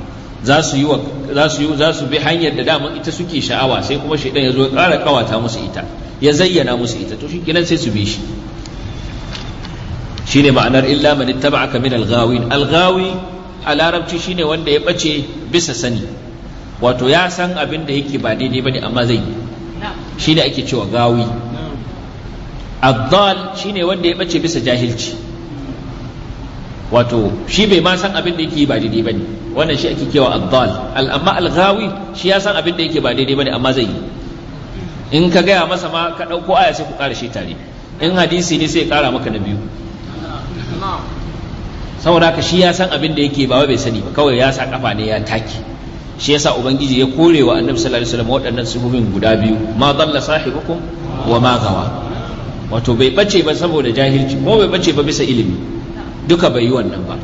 za su yi za su bi hanyar da dama ita suke sha'awa sai kuma shaidan ya zo ya ƙara ƙawata musu ita ya zayyana musu ita to shikenan sai su bi shi shine ma'anar illa man ittaba'aka min al-ghawin al-ghawi a larabci shine wanda ya bace bisa sani wato ya san abin da yake ba daidai bane amma zai yi shine ake cewa gawi addal shine wanda ya bace bisa jahilci wato shi bai ma san abin da yake ba daidai bane wannan shi ake kewa addal al amma al ghawi shi ya san abin da yake ba daidai bane amma zai yi in ka gaya masa ma ka dauko aya sai ku ƙara shi tare in hadisi ne sai ya ƙara maka na biyu saboda haka shi ya san abin da yake ba bai sani ba kawai ya sa kafa ne ya take shi yasa ubangiji ya kore wa annabi sallallahu alaihi wasallam waɗannan sifofin guda biyu ma dalla sahibukum wa ma gawa wato bai bace ba saboda jahilci ko bai bace ba bisa ilimi duka bai yi wannan ba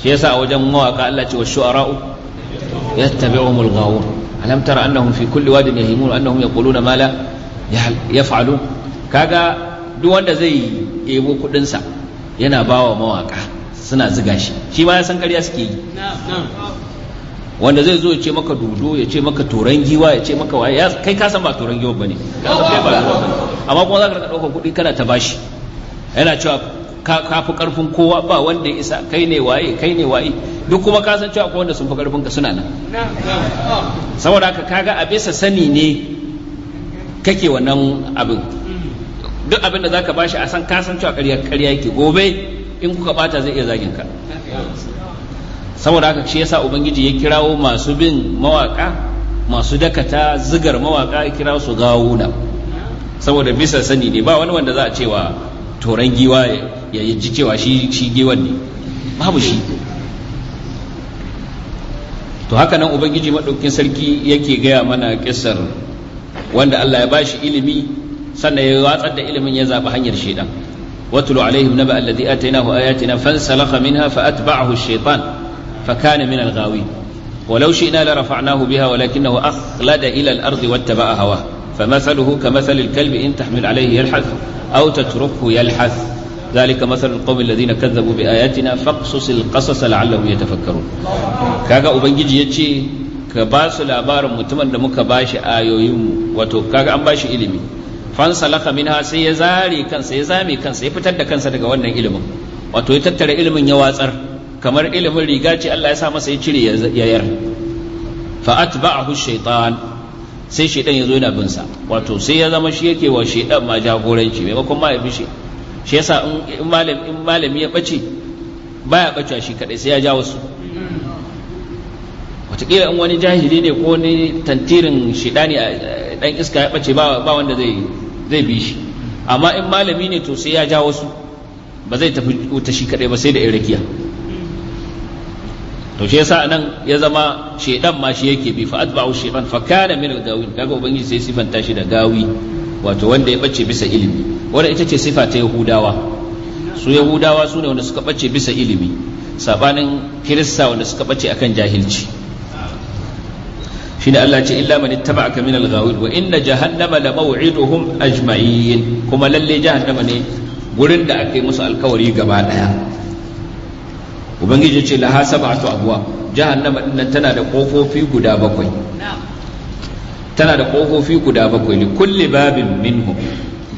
shi yasa a wajen mawaka Allah ce wa shu'ara'u yattabi'uhumul ghawun alam tara annahum fi kulli wadin yahimun annahum yaquluna ma la yaf'alun kaga duk wanda zai ebo kudin sa yana bawa mawaka suna ziga shi shi ma ya san ƙarya suke yi wanda zai zo ya ce maka dodo ya ce maka turan giwa ya ce maka waye kai ka san ba turan giwa bane amma kuma za ka ɗaukar kuɗi kana ta bashi yana cewa ka fi karfin kowa ba wanda ya isa kai ne waye kai ne waye duk kuma ka san cewa akwai wanda sun fi karfin ka suna nan saboda haka kaga a bisa sani ne kake wannan abin duk abin da zaka bashi a san ka san cewa ƙarya ƙarya yake gobe in kuka bata zai iya zagin ka saboda haka shi yasa ubangiji ya kirawo masu bin mawaka masu dakata zigar mawaka ya kira su gawuna saboda bisa sani ne ba wani wanda za a cewa toran giwaye ya ji cewa shi shi gewan ne babu shi to haka nan ubangiji maɗaukin sarki yake gaya mana kisar wanda Allah ya bashi ilimi sannan ya watsar da ilimin ya zaɓi hanyar shaidan watulu alaihim naba alladhi atainahu ayatina fansalakha minha fa atba'ahu ash-shaytan fa kana min al-ghawin ولو شئنا لرفعناه بها ولكنه أخلد إلى الأرض واتبع هواه فمثله كمثل الكلب إن تحمل عليه يلحث أو تتركه يلحث zalika masalul qaumil ladina kazzabu bi ayatina faqsusil qasas la'allahum yatafakkarun kaga ubangiji ya ce ka basu labarin mutumin da muka bashi ayoyinmu wato kaga an bashi ilimi lakamin ha sai ya zare kansa ya zame kansa ya fitar da kansa daga wannan ilimin wato ya tattara ilimin ya watsar kamar ilimin riga ce Allah ya sa masa ya cire ya yar fa atba'ahu shaytan sai shaytan ya zo yana bin sa wato sai ya zama shi yake wa shaytan ma jagoranci maimakon ma ya bi shi yasa in malami in malami ya bace baya bacewa shi kadai sai ya ja wasu wataƙila in wani jahili ne ko wani tantirin shidani a dan iska ya bace ba wanda zai zai bi shi amma in malami ne to sai ya ja wasu ba zai tafi wuta shi kadai ba sai da irakiya to shi yasa nan ya zama shedan ma shi yake bi fa atba'u shaytan fa kana min al-gawin kaga ubangiji sai sifanta shi da gawi wato wanda ya bace bisa ilimi wanda ita ce sifa ta yahudawa su yahudawa su ne wanda suka bace bisa ilimi sabanin kirista wanda suka bace akan jahilci shine Allah ce illa man ittaba'aka min al-ghawil wa inna jahannama la maw'iduhum ajma'in kuma lalle jahannama ne gurin da aka musu alkawari gaba daya ubangiji ce la tu abwa jahannama din tana da kofofi guda bakwai tana da kofofi guda bakwai ne kulli babin minhu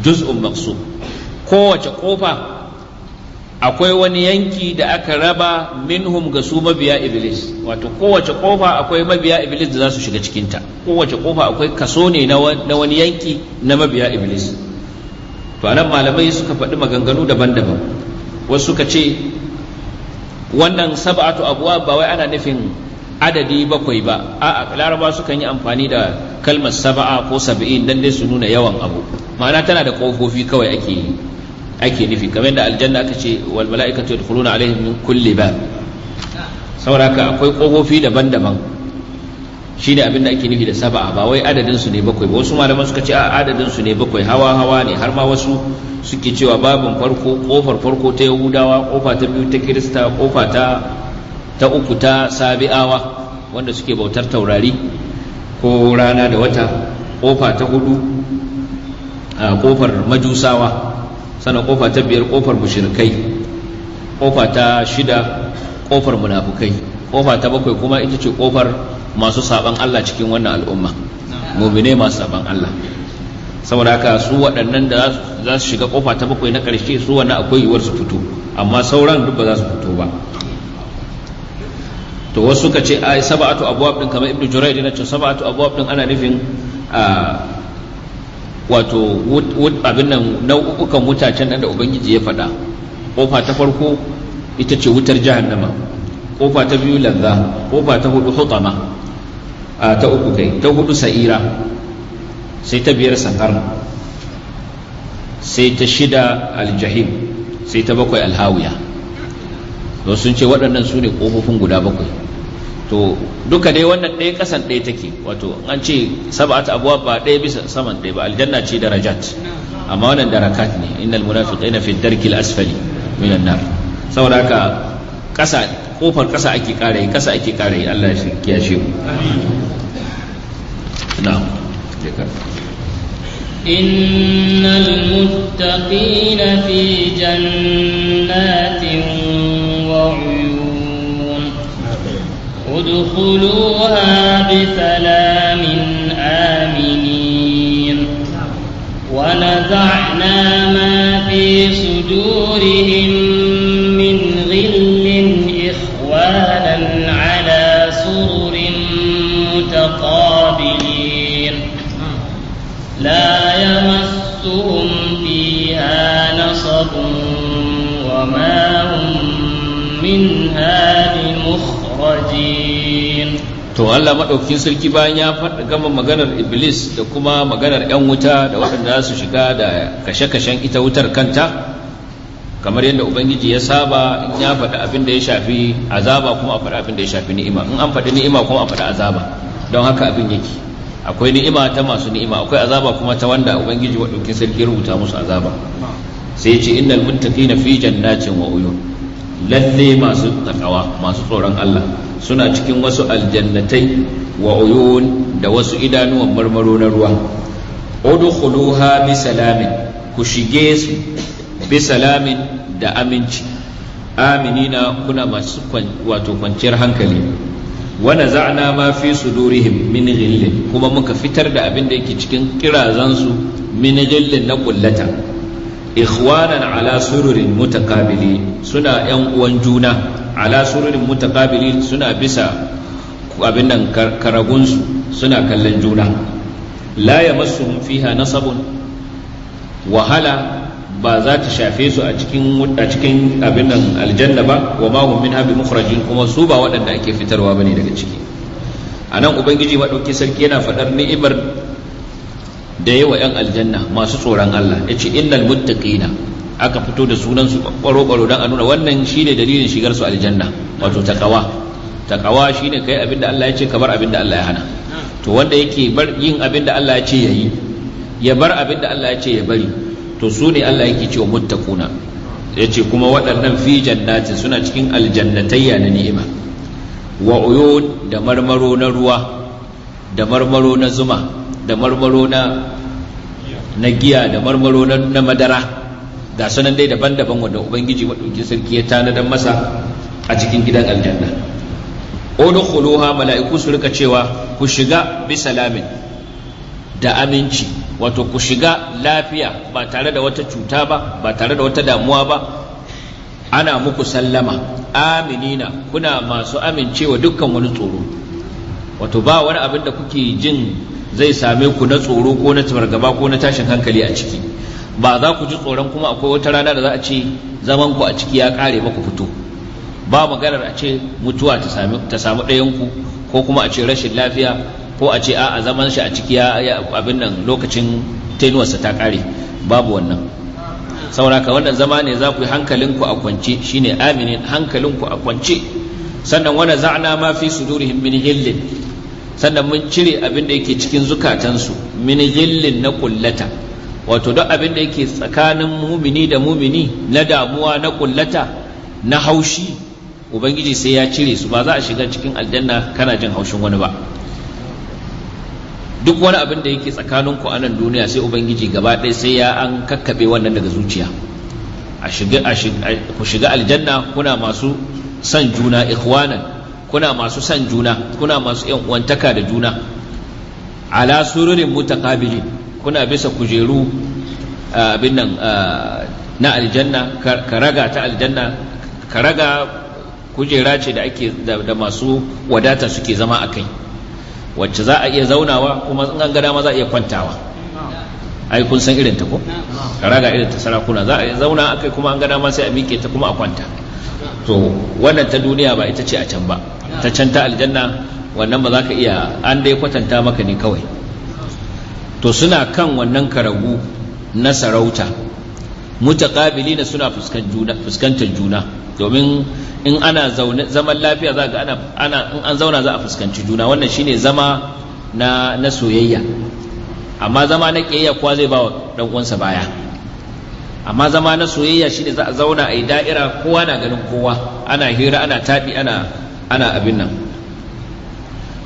juz'un maqsum kowace ƙofa akwai wani yanki da aka raba minhum ga su mabiya iblis wato kowace ƙofa akwai mabiya iblis da za su shiga cikinta kowace kofa akwai kaso ne na wani yanki na mabiya iblis to anan malamai suka faɗi maganganu daban-daban wasu suka ce wannan sab'atu abuwa ba wai ana nufin adadi bakwai ba a'a laraba sukan yi amfani da kalmar saba'a ko saba'in dan dai su nuna yawan abu ma'ana tana da kofofi kawai ake ake nufi kamar da aljanna aka ce wal mala'ikatu yadkhuluna alaihim min kulli bab saboda ka akwai kofofi daban-daban shi ne abin da ake nufi da saba'a ba wai adadin su ne bakwai ba wasu malaman suka ce a adadin su ne bakwai hawa hawa ne har ma wasu suke cewa babin farko kofar farko ta yahudawa kofa ta biyu ta kirista kofa ta ta uku ta sabi'awa wanda suke bautar taurari ko rana da wata kofa ta hudu a kofar majusawa sannan kofa ta biyar kofar mushirkai kofa ta shida kofar munafukai kofa ta bakwai kuma ita ce kofar masu saban Allah cikin wannan al'umma mumine masu saban Allah saboda haka su waɗannan da za su shiga kofa ta bakwai na ƙarshe su wannan akwai yiwuwar su fito amma sauran duk ba za su fito ba to wasu suka ce ai sab'atu abwab din kamar ibnu jurayd yana ce sab'atu abwab din ana nufin wato abin nan nau'ukan mutacen nan da ubangiji ya faɗa kofa ta farko ita ce wutar jahannama kofa ta biyu lazza kofa ta hudu hutama a ta uku kai ta hudu sa'ira sai ta biyar sahar sai ta shida aljahim sai ta bakwai alhawiya to sun ce waɗannan su ne ƙofofin guda bakwai to duka dai wannan ɗaya ƙasan ɗaya take wato an ce sab'atu abuwa ba ɗaya bisa saman ɗaya ba aljanna ce darajat amma wannan darakat ne innal munafiqina fi darkil asfali minan nar saboda haka ƙasa kofar ƙasa ake kare ƙasa ake kare Allah ya shi kiyashe mu na'am إن المتقين في جنات ادخلوها بسلام آمنين ونزعنا ما في صدورهم to Allah maɗaukakin sarki bayan ya faɗa gama maganar iblis da kuma maganar 'yan wuta da waɗanda su shiga da kashe-kashen ita wutar kanta kamar yadda ubangiji ya saba in ya faɗi abin da ya shafi azaba kuma a faɗi abin da ya shafi ni'ima in an faɗi ni'ima kuma a faɗi azaba don haka abin yake akwai ni'ima ta masu ni'ima akwai azaba kuma ta wanda ubangiji waɗaukin sarki rubuta musu azaba sai ya ce innal muttaqina fi jannatin wa uyun lalle masu takawa masu tsoron Allah suna cikin wasu aljannatai wa uyun da wasu idanuwan marmaro na ruwa udkhuluha bi salamin ku shige su bi salamin da aminci aminina kuna masu wato kwanciyar hankali wa naza'na ma fi sudurihim min ghillin kuma muka fitar da abin da yake cikin kirazansu min ghillin na kullata ikhwanan ala sururin mutakabili suna yan uwan juna ala sururin mutakabili suna bisa abin nan karagunsu suna kallon juna la ya masu fiha nasabun wahala ba za ta shafe su a cikin a cikin abin nan aljanna ba wa ma hum minha bi mukhrajin kuma su ba waɗanda ake fitarwa bane daga ciki anan ubangiji madauki sarki yana faɗar ni'imar da yawa 'yan aljanna masu tsoron Allah ya ce innal muttaqina aka fito da sunansu kwaro kwaro don a nuna wannan shine dalilin shigar su aljanna wato takawa takawa shine kai abinda Allah ya ce ka bar abinda Allah ya hana to wanda yake bar yin abinda Allah ya ce ya yi ya bar abinda Allah ya ce ya bari to su ne Allah yake cewa muttaquna yace kuma waɗannan fi jannatin suna cikin aljannatayya na ni'ima wa uyun da marmaro na ruwa da marmaro na zuma da marmaro na giya da marmaro na madara ga sanan dai daban-daban wanda ubangiji maɗauki sarki ya tanadar masa a cikin gidan aljanna udkhuluha mala'iku su rika cewa ku shiga bi salamin da aminci wato ku shiga lafiya ba tare da wata cuta ba ba tare da wata damuwa ba ana muku sallama aminina kuna masu amincewa dukkan wani tsoro wato ba wani abin da kuke jin zai same ku na tsoro ko na tabargaba ko na tashin hankali a ciki ba za ku ji tsoron kuma akwai wata rana da za a ce zaman ku a ciki ya kare ba ku fito ba maganar a ce mutuwa ta samu ɗayanku ko kuma a ce rashin lafiya ko a ce a zaman shi a ciki ya abin nan lokacin tenuwarsa ta kare babu wannan sauraka wannan zama ne za ku yi hankalinku a kwance shine aminin hankalinku a kwance sannan wani za'ana ma fi sudurihim min hillin sannan mun cire abin da yake cikin zukatansu min ghillin na kullata wato duk abin da yake tsakanin mumini da mumini na damuwa na kullata na haushi ubangiji sai ya cire su ba za a shiga cikin aljanna kana jin haushin wani ba duk wani abin da yake tsakanin ku anan duniya sai ubangiji gaba ɗaya sai ya an kakkaɓe wannan daga zuciya a shiga ku shiga aljanna kuna masu son juna ikhwanan kuna masu san juna kuna masu yan uwantaka da juna ala sururin mutaqabilin kuna bisa kujeru abin nan na aljanna karaga ta aljanna karaga kujera ce da ake da masu wadata suke zama a kai wacce za a iya zaunawa kuma in an gada ma za a iya kwantawa ai kun san irin ta ko karaga irin ta sarakuna za a iya zauna a kai kuma an gada ma sai a miƙe ta kuma a kwanta to wannan ta duniya ba ita ce a can ba ta can ta aljanna wannan ba za ka iya an dai kwatanta maka ne kawai to suna kan wannan karagu na sarauta na suna fuskantar juna domin in ana zaman lafiya za ga ana in an zauna za a fuskanci juna wannan shine zama na soyayya amma zama na kiyayya kwa zai ba wa dan uwansa baya amma zama na soyayya shine za a zauna a yi da'ira kowa na ganin kowa ana hira ana taɗi ana abin nan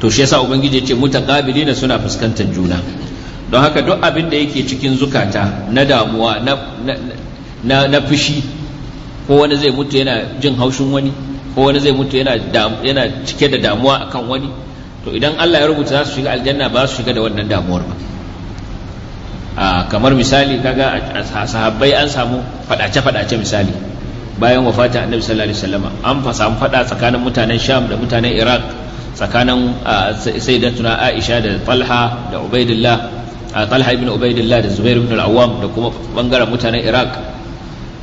to shi yasa ubangiji ya ce mutaqabilina suna fuskantar juna don haka duk abin da yake cikin zukata na damuwa na na fushi ko wani zai mutu yana jin haushin wani ko wani zai mutu yana yana cike da damuwa akan wani to idan Allah ya rubuta za su shiga aljanna ba su shiga da wannan damuwar ba Ah, kamar misali kaga a sahabbai an samu fadace-fadace misali bayan wafata annabi sallallahu alaihi wasallam an fa samu fada tsakanin mutanen sham da mutanen iraq tsakanin ah, sayyidatuna aisha da talha da ubaidillah ah, talha ibn ubaidillah da zubair ibn al-awwam da kuma bangaren mutanen iraq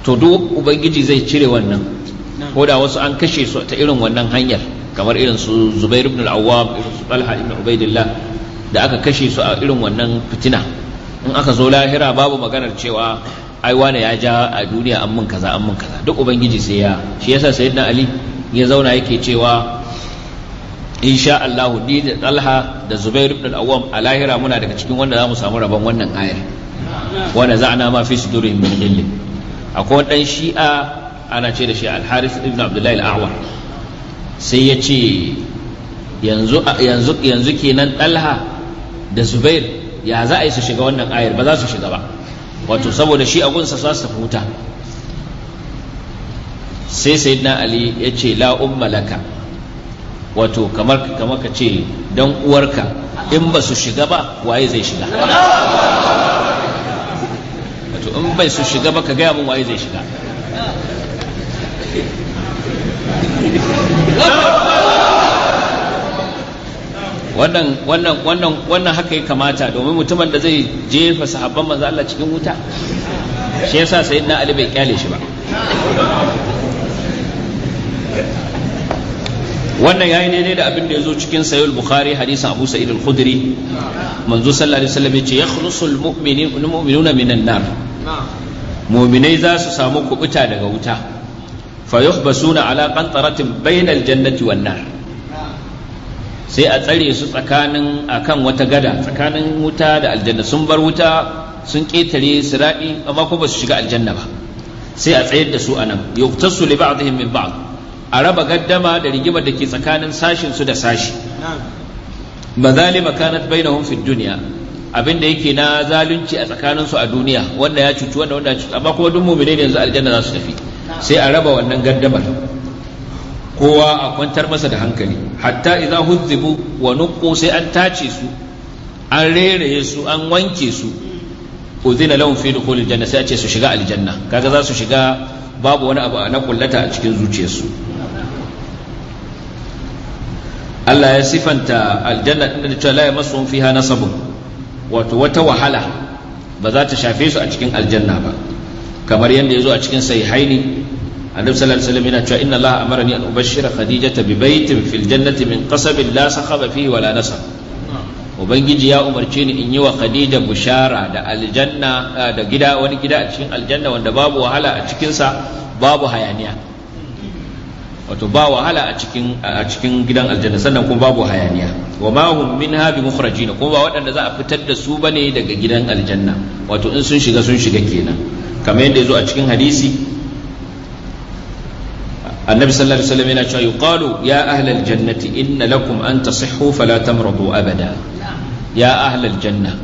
to duk ubangiji zai cire wannan ko da wasu an kashe su ta irin wannan hanyar kamar irin su zubair ibn al-awwam irin su talha ibn ubaidillah da aka kashe su a irin wannan fitina in aka zo lahira babu maganar cewa ai wane ya ja a duniya an mun kaza an mun kaza duk ubangiji sai ya shi yasa sayyidina ali ya zauna yake cewa insha Allah ni da Talha da Zubair ibn al-Awwam a lahira muna daga cikin wanda zamu samu rabon wannan ayar wanda za'ana ma fi sudurihim min ghillin akwai dan shi'a ana ce da shi al-Harith ibn Abdullah al sai ya ce yanzu yanzu yanzu kenan Talha da Zubair ya za a yi su shiga wannan ayar ba za su shiga ba wato saboda shi a gunsa za su huta sai na ali ya ce la'un malaka wato kamar ka ce don uwarka in ba su shiga ba waye zai shiga wato in bai su shiga ba ka gaya mun waye zai shiga wannan wannan wannan wannan haka ya kamata domin mutumin da zai jefa sahabban manzo Allah cikin wuta shi yasa sayyidina Ali bai kyale shi ba wannan yayi daidai da abin da yazo cikin sahih bukhari hadisin Abu Sa'id al-Khudri manzo sallallahu alaihi wasallam yace yakhlusul mu'minuna minan nar mu'minai za su samu kubuta daga wuta fa suna ala qantaratin bainal jannati wan nar sai a tsare su tsakanin akan wata gada tsakanin wuta da aljanna sun bar wuta sun ƙetare raɗi amma ko ba su shiga aljanna ba sai a tsayar da su a nan yuktasu li ba'dihim min ba a raba gaddama da rigimar da ke tsakanin sashin su da sashi mazalima kanat bainahum fid dunya abin da yake na zalunci a tsakanin su a duniya wanda ya cuci wanda wanda ya cuci amma kuma duk mu'mine ne yanzu aljanna za su tafi sai a raba wannan gaddamar kowa a kwantar masa da hankali hatta idza huzzibu wa nuqqu sai an tace su an reraye su an wanke su uzina lahum fi dukhulil janna sai a ce su shiga aljanna kaga za su shiga babu wani abu na kullata a cikin zuciyarsu Allah ya sifanta aljanna din da cewa la yamassuhum fiha nasabun wato wata wahala ba za ta shafe su a cikin aljanna ba kamar yadda ya zo a cikin sahihaini annabi sallallahu alaihi wasallam yana cewa inna allaha amarani an ubashshira khadijata bi baitin fil jannati min qasabin la sakhaba fihi wala nasab ubangiji ya umarce ni in yi wa khadija bushara da aljanna da gida wani gida a cikin aljanna wanda babu wahala a cikinsa babu hayaniya wato ba wahala a cikin a cikin gidan aljanna sannan kuma babu hayaniya wa ma hum minha bi mukhrajina kuma ba waɗanda za a fitar da su bane daga gidan aljanna wato in sun shiga sun shiga kenan kamar yadda yazo a cikin hadisi annabi sallallahu alaihi wasallam yana cewa ya ahlal jannati inna lakum an tasihhu fala tamradu abada ya ahlal janna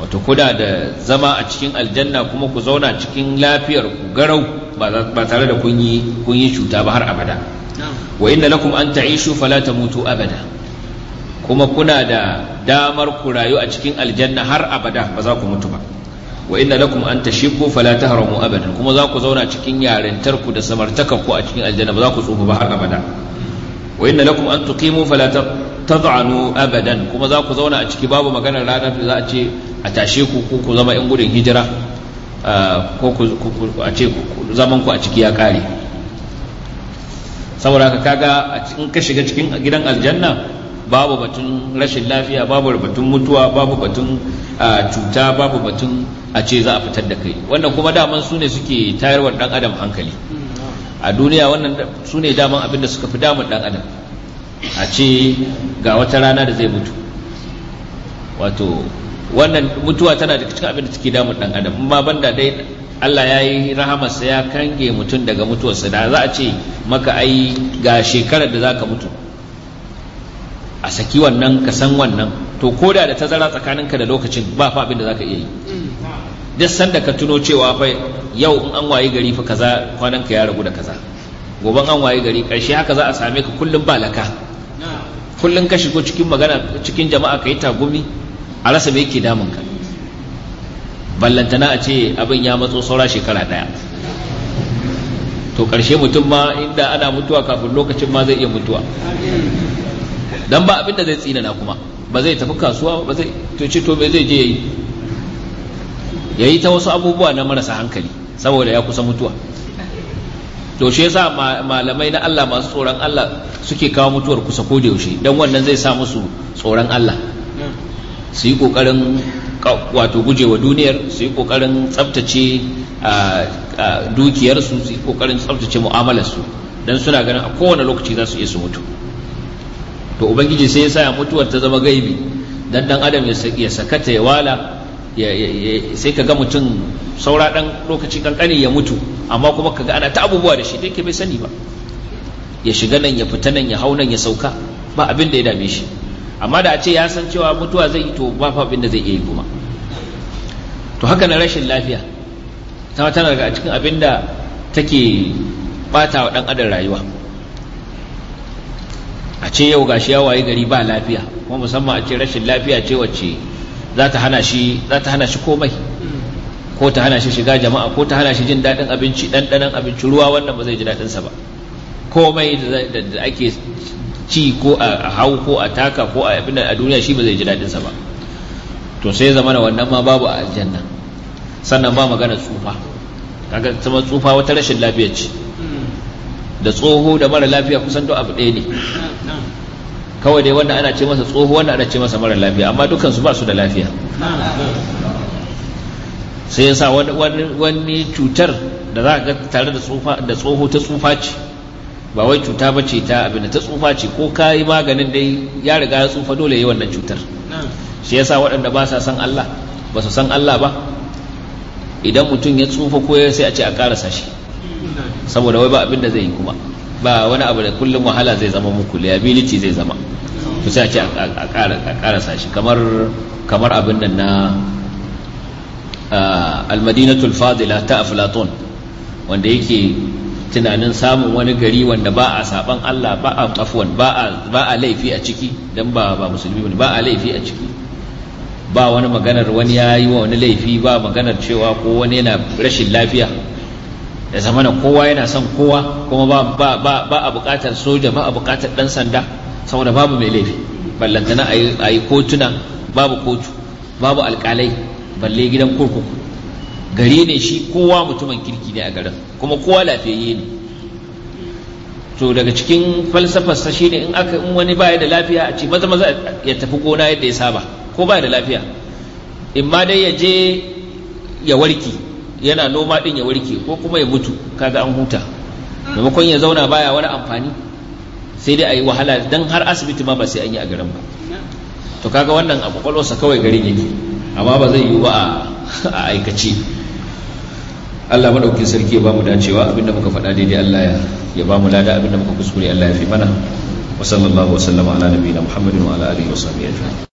wato kuna da zama a cikin aljanna kuma ku zauna cikin lafiyar ku garau ba tare da kun yi cuta ba har abada wa inna lakum an ta'ishu fala tamutu abada kuma kuna da damar ku rayu a cikin aljanna har abada ba za ku mutu ba wa inna lakum an tashibu fala tahramu abadan kuma za ku zauna cikin yarintar ku da samartaka ku a cikin aljanna ba za ku tsufa ba har abada wa inna lakum an tuqimu fala tad'anu abadan kuma za ku zauna a ciki babu maganar ranar da za a ce a tashe ku ko ku zama yan gudun hijira ko a ce zaman ku a ciki ya kare saboda ka kaga in ka shiga cikin gidan aljanna babu batun rashin lafiya babu batun mutuwa babu batun cuta babu batun a ce za a fitar da kai wannan kuma daman su ne suke tayarwa dan adam hankali a duniya wannan su ne daman abin da suka fi damun dan adam a ce ga wata rana da zai mutu wato wannan mutuwa tana da cikin abin da suke damun dan adam amma banda dai Allah ya yi rahamarsa ya kange mutum daga mutuwarsa da za a ce maka ai ga shekarar da za ka mutu a saki wannan ka san wannan to ko da da tazara tsakaninka da lokacin ba fa abin da zaka iya yi duk sanda ka tuno cewa fa yau in an wayi gari fa kaza kwanan ka ya ragu da kaza gobe an waye gari karshe haka za a same ka kullun ba kullun kullum ka shigo cikin magana cikin jama'a ka yi tagumi a rasa me yake damun ka ballantana a ce abin ya matso saura shekara daya to karshe mutum ma inda ana mutuwa kafin lokacin ma zai iya mutuwa dan ba abin da zai tsinana kuma ba zai tafi kasuwa ba zai to ce to me zai je yayi yayi ta wasu abubuwa na marasa hankali saboda ya kusa mutuwa to shi yasa malamai na Allah masu tsoron Allah suke kawo mutuwar kusa ko da yaushe dan wannan zai sa musu tsoron Allah su yi kokarin wato gujewa duniyar su yi kokarin tsaftace dukiyarsu su yi kokarin tsaftace mu'amalarsu don suna ganin a kowane lokaci za su iya su mutu to ubangiji sai ya sa mutuwar ta zama gaibi dan dan adam ya sakata ya wala sai ka ga mutum saura dan lokaci kankani ya mutu amma kuma ka ga, ana ta abubuwa da shi da yake bai sani ba ya shiga nan ya fita nan ya hau nan ya sauka ba abin da ya dame shi amma da a ce ya san cewa mutuwa zai yi to ba fa abin da zai iya yi kuma to haka na rashin lafiya ta tana daga cikin abin da take bata wa dan adam rayuwa a ce yau gashi ya waye gari ba lafiya kuma musamman a ce rashin lafiya ce wacce za ta hana shi za ta hana shi komai ko ta hana shi shiga jama'a ko ta hana shi jin daɗin abinci ɗanɗanon abinci ruwa wannan ba zai ji daɗinsa ba komai da ake ci ko a hau ko a taka ko a abin a duniya shi ba zai ji daɗinsa ba to sai zama na wannan ma babu a aljanna sannan ba magana tsufa kaga tsufa wata rashin lafiya ce da tsoho da mara lafiya kusan duk abu ɗaya ne kawai dai wanda ana ce masa tsoho wanda ana ce masa mara lafiya amma dukkan su ba su da lafiya sai yasa wani cutar da za ga tare da tsoho ta tsufa ce ba wai cuta ba ce ta abin da ta tsufa ce ko ka yi maganin dai ya riga ya tsufa dole yi wannan cutar shi yasa waɗanda ba sa san Allah ba su san Allah ba idan mutum ya tsufa ko ya sai a ce a ƙarasa shi saboda wai ba abin da zai yi kuma ba wani abu da kullum wahala zai zama muku liability zai zama ku sai a ce a karasa shi kamar abin nan na almadinatul fadila ta aflaton wanda yake tunanin samun wani gari wanda ba a saban Allah ba a afwan ba a laifi a ciki dan ba ba musulmi bane ba a laifi a ciki ba wani maganar wani yayi wa wani laifi ba maganar cewa ko wani yana rashin lafiya ya zama na kowa yana son kowa kuma ba ba a buƙatar soja ba a buƙatar ɗan sanda saboda babu mai laifi ballantana a yi kotuna babu kotu babu alƙalai balle gidan kurkuku gari ne shi kowa mutumin kirki ne a garin kuma kowa lafiyayye ne to daga cikin falsafar sa shine in aka in wani baya da lafiya a ce maza maza ya tafi gona yadda ya saba ko baya da lafiya in ma dai ya je ya warki yana noma din ya warke ko kuma ya mutu kaga an huta maimakon ya zauna baya wani amfani sai dai a yi wahala dan har asibiti ma ba sai an yi a garin ba to kaga wannan a kwakwalwarsa kawai garin yake amma ba zai yi ba a aikace Allah madaukin sarki ya ba mu dacewa abinda muka faɗa daidai Allah ya ya ba mu lada abinda muka kuskure Allah ya fi mana wa sallallahu wa sallama ala nabiyina Muhammadin wa ala alihi wa sahbihi